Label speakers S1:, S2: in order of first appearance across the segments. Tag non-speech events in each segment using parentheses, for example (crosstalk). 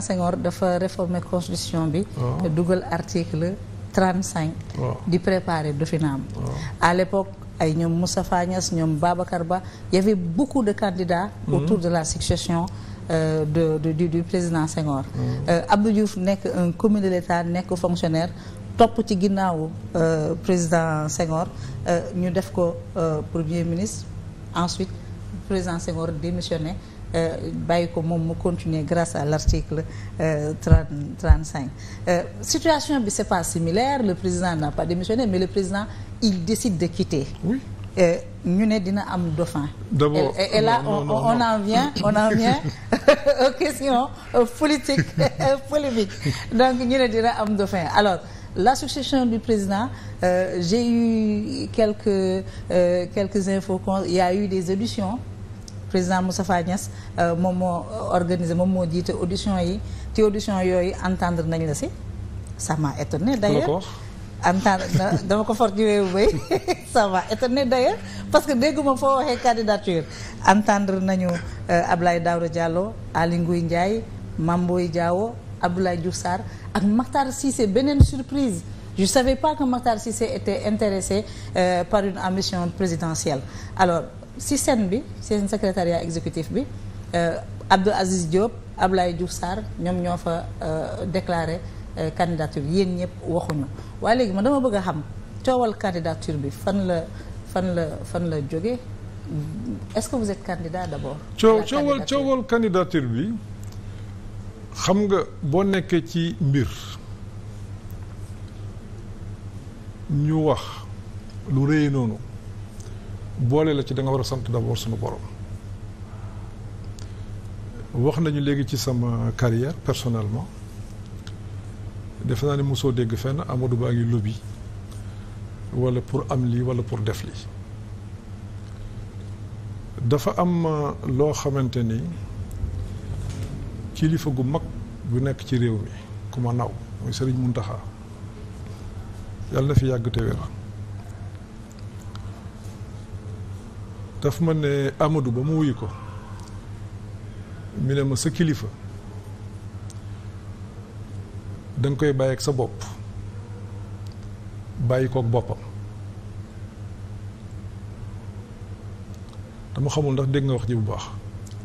S1: Senghor dafa réformer constitution bi oh. dugal article trente-cinq oh. di préparer Dauphina oh. à l'époque ay ñoom Moustapha Niasse ñoom Babacar Ba il beaucoup de candidats hmm. autour de la succession Euh, de, de, du, président Senghor. Mm. Euh, Abdou nekk un commis de l'État nekk fonctionnaire topp ci ginnaawu euh, président Senghor euh, ñu def ko euh, premier ministre ensuite président Senghor démissionné Euh, bàyyi ko moom mu continuer grâce à l'article euh, trente trente cinq euh, situation bi c'est pas similaire le président n'a pas démissionné mais le président il décide de quitter. oui ñu ne dina am dauphin. d'abord et là on on en vient on en vient (laughs) aux (laughs) donc ñu dina am dauphin alors. la succession du président euh, j'ai eu quelques quelques infos y a eu des auditions président Moustapha Niass euh, moom moo organisé moom moo jiite audition yi ci audition yooyu entendre nañu la si ça m'a étonné d'ailleurs entendre dama ko fort ci bay (laughs) ça m'a étonné parce que dégguma foo waxee candidature entendre nañu euh, Ablaye Daouda Diallo Aly Ngouille Ndiaye Mame Boye Diao Abdoulaye Diouf Sarr ak Makhtar Cissé beneen surprise je savais pas que Makhtar Cissé était intéressé euh, par une ambition présidentielle alors si scène bi seen secrétariat exécutif bi euh, Abdou Aziz Diop Ablaye Diouf Sarr ñoom ñoo fa euh, déclaré euh, candidature yéen ñëpp waxuñu waaye léegi man dama bëgg a xam coowal candidature bi fan la fan la fan la jóge est-ce que vous êtes candidat d'abord
S2: coow coowal coowal candidature bi xam nga boo nekkee ci mbir ñu wax lu rëy noonu boole la ci da nga war a sant d'abord sunu borom wax nañu léegi ci sama carrière personnellement defe naa ne mosoo dégg fenn amatu Ba ngi bi wala pour am lii wala pour def lii dafa am euh, loo xamante ni kilifa gu mag bu nekk ci réew mi ku ma naw mooy Serigne Mountakha yàlla na fi yàgg te wér daf ma ne Amadou ba mu wuy ko mi ma sa kilifa da koy bàyyi ak sa bopp bàyyi kook boppam dama xamul ndax dégg nga wax ji bu baax.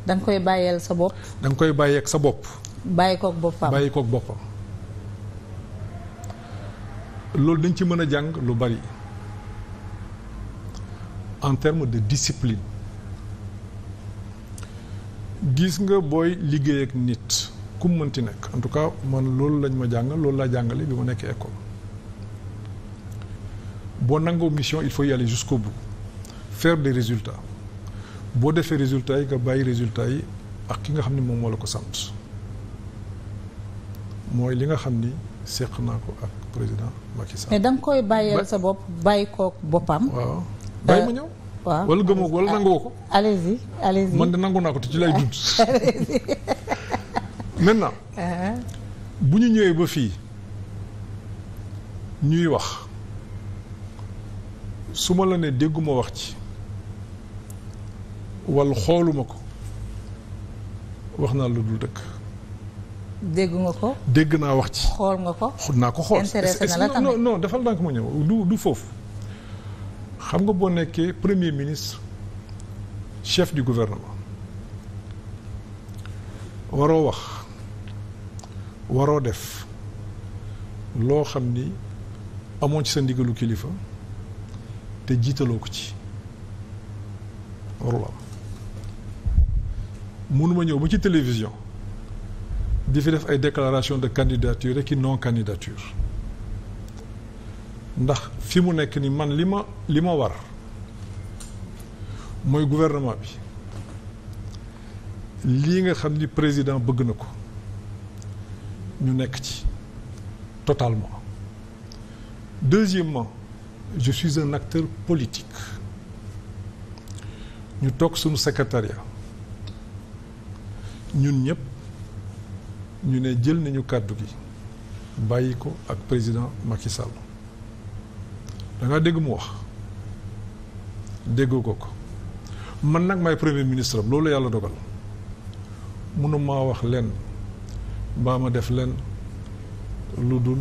S1: da koy bàyyeel sa bopp.
S2: da koy bàyyi ak sa bopp. bàyyi kook boppam bàyyi kook boppam. loolu dañ ci mën a jàng lu bari. en terme de discipline gis nga booy liggéey ak nit ku mu mënti nekk en tout cas man loolu lañ ma jàngal loolu laa jàngale bi ma nekkee école boo nangoo mission il faut y aller jusqu'au bout faire des boo defee résultats yi nga bàyyi résultats yi ak ki nga xam ne moom moo la ko sant mooy li nga xam ni seq naa ko ak président Macky Sall. mais da koy bàyyeel sa
S1: bopp bàyyi kook boppam.
S2: waaw. bàyyi euh, ma ñëw. waaw wala gëmoo wala ah, ko. allez-y allez-y man de nangu naa ko te ci lay dund. (laughs) maintenant. Uh-huh. bu ñu ñëwee ba fii ñuy wax su ma la ne dégguma wax ci wala xooluma ko wax naa lu dul dëkk.
S1: dégg nga ko.
S2: dégg naa wax ci.
S1: xool nga ko. naa ko xool intéressé na la tamit
S2: non defal ndànk ma ñëw du du foofu. xam nga boo nekkee premier ministre chef du gouvernement waroo wax waroo def loo xam ni amoon ci sa ndigalu kilifa te jiitaloo ko ci warul am mënuma ñëw ba ci télévision di fi def ay déclaration de candidature et non candidature ndax fi mu nekk ni man li ma li ma war mooy gouvernement bi lii nga xam ni président bëgg na ko ñu nekk ci totalement deuxièmement je suis un acteur politique ñu toog suñu secrétariat ñun ñëpp ñu ne jël nañu kàddu gi bàyyi ko ak président Macky Sall da dégg mu wax déggoo ko ko man nag maay premier ministre am loolu yàlla dogal mënuma wax lenn baa ma def lenn lu dul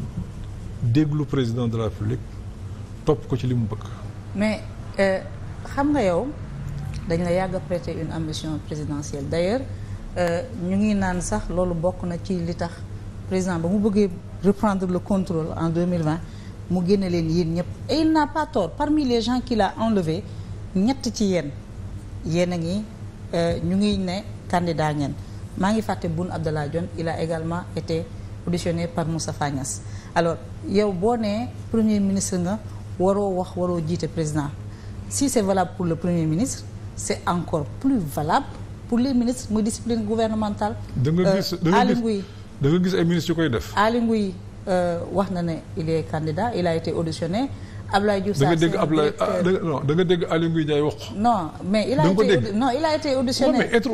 S2: déglu président de la République topp ko ci li mu bëgg.
S1: mais euh, xam nga yow dañ la yàgg a prêter une ambition présidentielle d'ailleurs euh, ñu ngi naan sax loolu bokk na ci li tax président ba mu bëggee reprendre le contrôle en 2020 mu génne leen yéen ñëpp et il n'a pas parmi les gens qu'il a enlevé ñett ci yéen yéen a ngi euh, ñu ngi ne candidat ngeen maa ngi fàtte Boun Abdallah Dionne il a également été auditionné par Moustapha Niasse alors yow boo nee premier ministre nga waroo wax waroo jiite président si c'est valable pour le premier ministre c'est encore plus valable pour les ministres muy discipline gouvernementale
S2: da nga euh, gis da nga gis ay ministres yu koy def
S1: Aly Ngouille Euh, wax na ne il est candidat il a été auditionné. Ablaye Diouf Sarr da nga dégg Ablaye ah,
S2: dégg Aly Ngouille Ndiaye wax.
S1: non mais il a été non il a été auditionné. mais être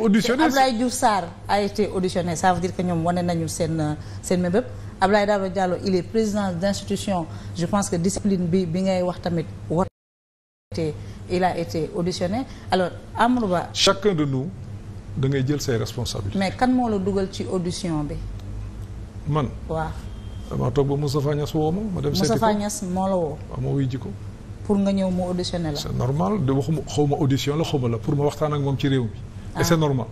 S1: a été auditionné ça veut dire que ñoom wane nañu seen seen mébéb. Ablaye Daouda Diallo il est président d'institution je pense que discipline bi bi ngay wax tamit war il a été auditionné alors Amadou Ba.
S2: chacun de nous da ngay jël ses responsabilités.
S1: mais kan moo la dugal ci audition bi.
S2: man damaa toog ba Moustapha Niass woo ma ma dem seeti ko Moustapha
S1: Niass moo la woo
S2: ma wuy ko pour nga ñëw mu auditionné la c'est normal de waxuma xaw ma audition la xaw ma la pour ma waxtaan ak moom ci réew mi ah.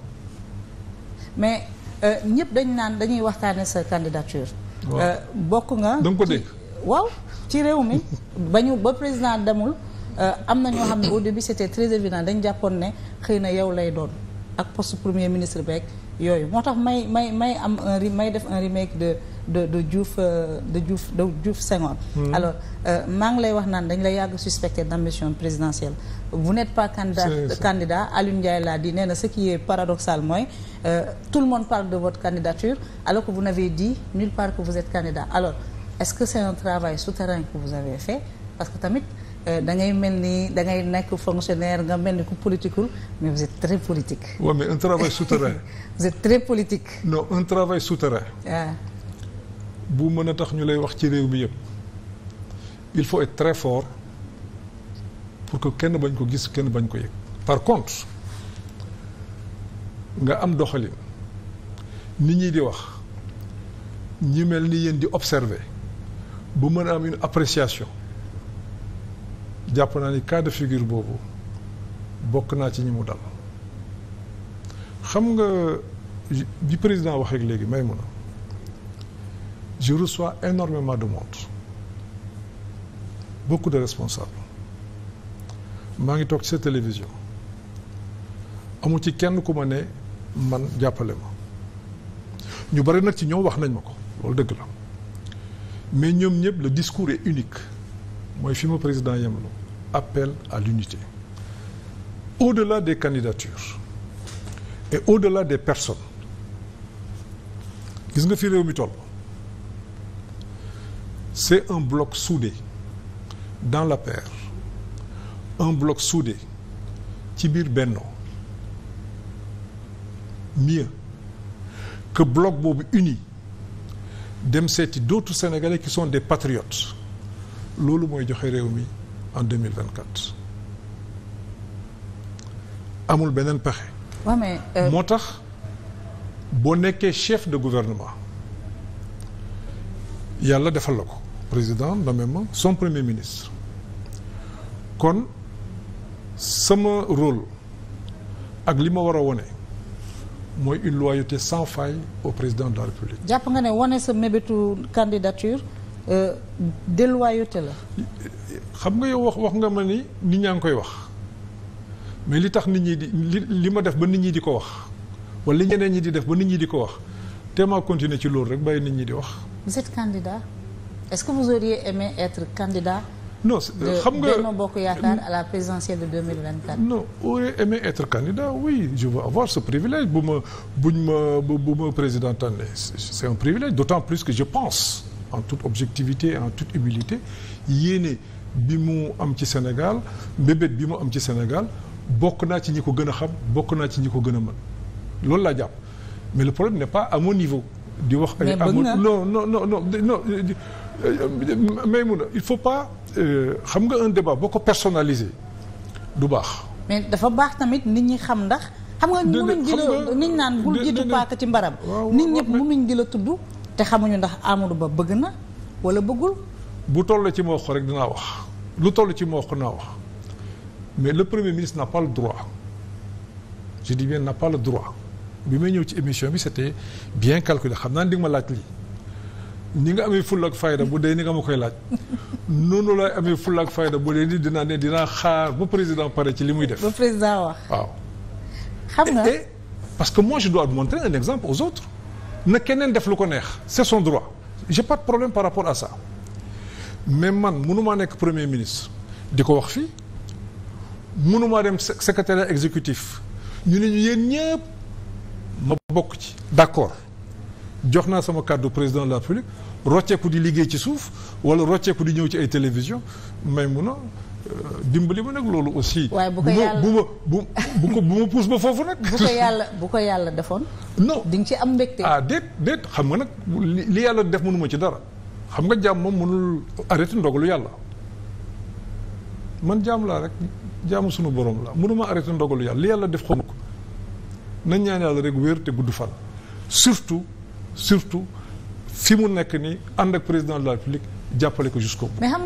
S1: mais euh, ñëpp dañ naan dañuy waxtaane sa candidature
S2: euh, bokk nga da nga ko
S1: ci réew mi (laughs) ba ñu ba président demul euh, am na ñoo xam ne au début c'était très évident dañ jàppoon ne xëy na yow lay doon ak poste premier ministre beeg yooyu moo tax may may may am un un remake de de de Diouf euh, de Diouf de Diouf Senghor. Hmm. alors euh, maa ngi lay wax naan dañ la yàgg suspecté d' ambition présidentielle. vous n'êtes pas candidat candidat Alioune laa di nee na ce qui est paradoxal mooy euh, tout le monde parle de votre candidature alors que vous n'avez dit nulle part que vous êtes candidat alors est-ce que c'est un travail souterrain fait parce que tamit. dangay mel ni da ngay nekk fonctionnaire nga mel ni ku politiqueul mais vous êtes
S2: très politique. waaw mais un travail souterrain. (laughs) vous êtes très politique. non un travail souterrain. Ah. bu mën a tax ñu lay wax ci réew mi yëpp il faut et très fort pour que kenn bañ ko gis kenn bañ ko yëg par contre nga am doxalin nit ñi di wax ñi mel ni yéen di observer bu mën a am une appréciation jàpp naa ni cas de figure boobu bokk naa ci ñi mu dal xam nga bi président waxeek léegi may mun je soit énormément de monde beaucoup de responsables maa ngi toog ci sa télévision amul ci kenn ku ma ne man jàppale ma ñu bari nag ci ñoom wax nañ ma ko loolu dëgg la mais ñoom ñëpp le discours est unique mooy fi ma président yemlu appel à l'unité au-delà des candidatures et au-delà de des personnes gis nga fi réew mi toll c'est un bloc soudé dans la paire un block soudé ci biir Benno mieux que bloc boobu uni dem seeti dootu Sénégalais qui sont des patriotes loolu mooy joxe réew mi en 2024 amul beneen pexe. waaw mais euh, moo tax boo nekkee chef de gouvernement yàlla defal la ko. président nommé ma son premier ministre kon sama rôle ak li ma war a wone mooy une loyauté sans faille au président de la république.
S1: jàpp nga ne wone sa mébétu candidature euh, de loyauté la.
S2: xam nga yow wax wax nga ma ni nit ñaa ngi koy wax mais li tax nit ñi di li li ma def ba nit ñi di ko wax wala li ñeneen ñi di def ba nit ñi di ko wax te ma continuer ci loolu rek bàyyi nit ñi di wax.
S1: est-ce que vous auriez aimé être candidat
S2: non euh, xam nga Benno
S1: Bokk Yaakaar à la présidentielle de 2024 non
S2: aurait aimé être candidat oui je veux avoir ce privilège bu ma bu ma président tànne c'est un privilège d'autant plus que je pense en toute objectivité en toute humilité yéene bi mu am ci Sénégal bébét bi mu am ci Sénégal bokk naa ci ñi ko gën a xam bokk naa ci ñi ko gën a mën loolu laa jàpp mais le problème n'est pas à mon niveau di wax ay non non non non Euh, Maïmouna il faut pas euh, xam nga un débat boo ko personnalisé du baax.
S1: mais dafa baax tamit nit ñi xam ndax. xam nga mënuñ di la nit naan bul jiitu paaka ci mbaram. nit ñëpp mënuñ di la tudd. te xamuñu ndax Amadou Ba bëgg na
S2: wala bëggul. bu toll ci ma wax rek dinaa wax lu toll ci ma wax naa wax mais le premier ministre n'a pas le droit je dis bien n'a pas le droit bi may ñëw ci émission bi c'était bien calculé xam naa ne di nga ma laaj lii. ni nga amee fulla ak fayda bu dee ni nga ma koy laaj noonu lay amee fulla ak fayda bu dee ni dinaa ne dinaa xaar ba président pare ci li muy def. ba président wax waaw. parce que moi je dois montrer un exemple aux autres na keneen def lu ko neex c'est son droit. j'ai pas de problème par rapport à ça mais man mënumaa nekk premier ministre di ko wax fii mënumaa dem secrétaire exécutif ñu ne ñu yéen ñëpp ma bokk ci d'accord jox naa sama kàddu président de la République rocceeku di liggéey ci suuf wala rocceeku di ñëw ci ay télévision may mun a euh, dimbali ma nag loolu aussi. waaye bu ma bu ma bu bu bu ma puus ba
S1: foofu nag. (laughs) bu ko yàlla bu ko yàlla defoon.
S2: non di nga ci am mbégte. ah déet déet xam nga nag li yàlla def mënuma ci dara xam nga jaam moom mënul arrêté ndogalu yàlla man jàmm laa rek jaamu sunu borom la mënuma arrêté ndogalu yàlla li yàlla def xamu ko nañ ñaan yàlla rek wér te gudd fan surtout surtout. fi mu nekk nii ànd ak président de la République jàppale ko jusqu'au
S1: bout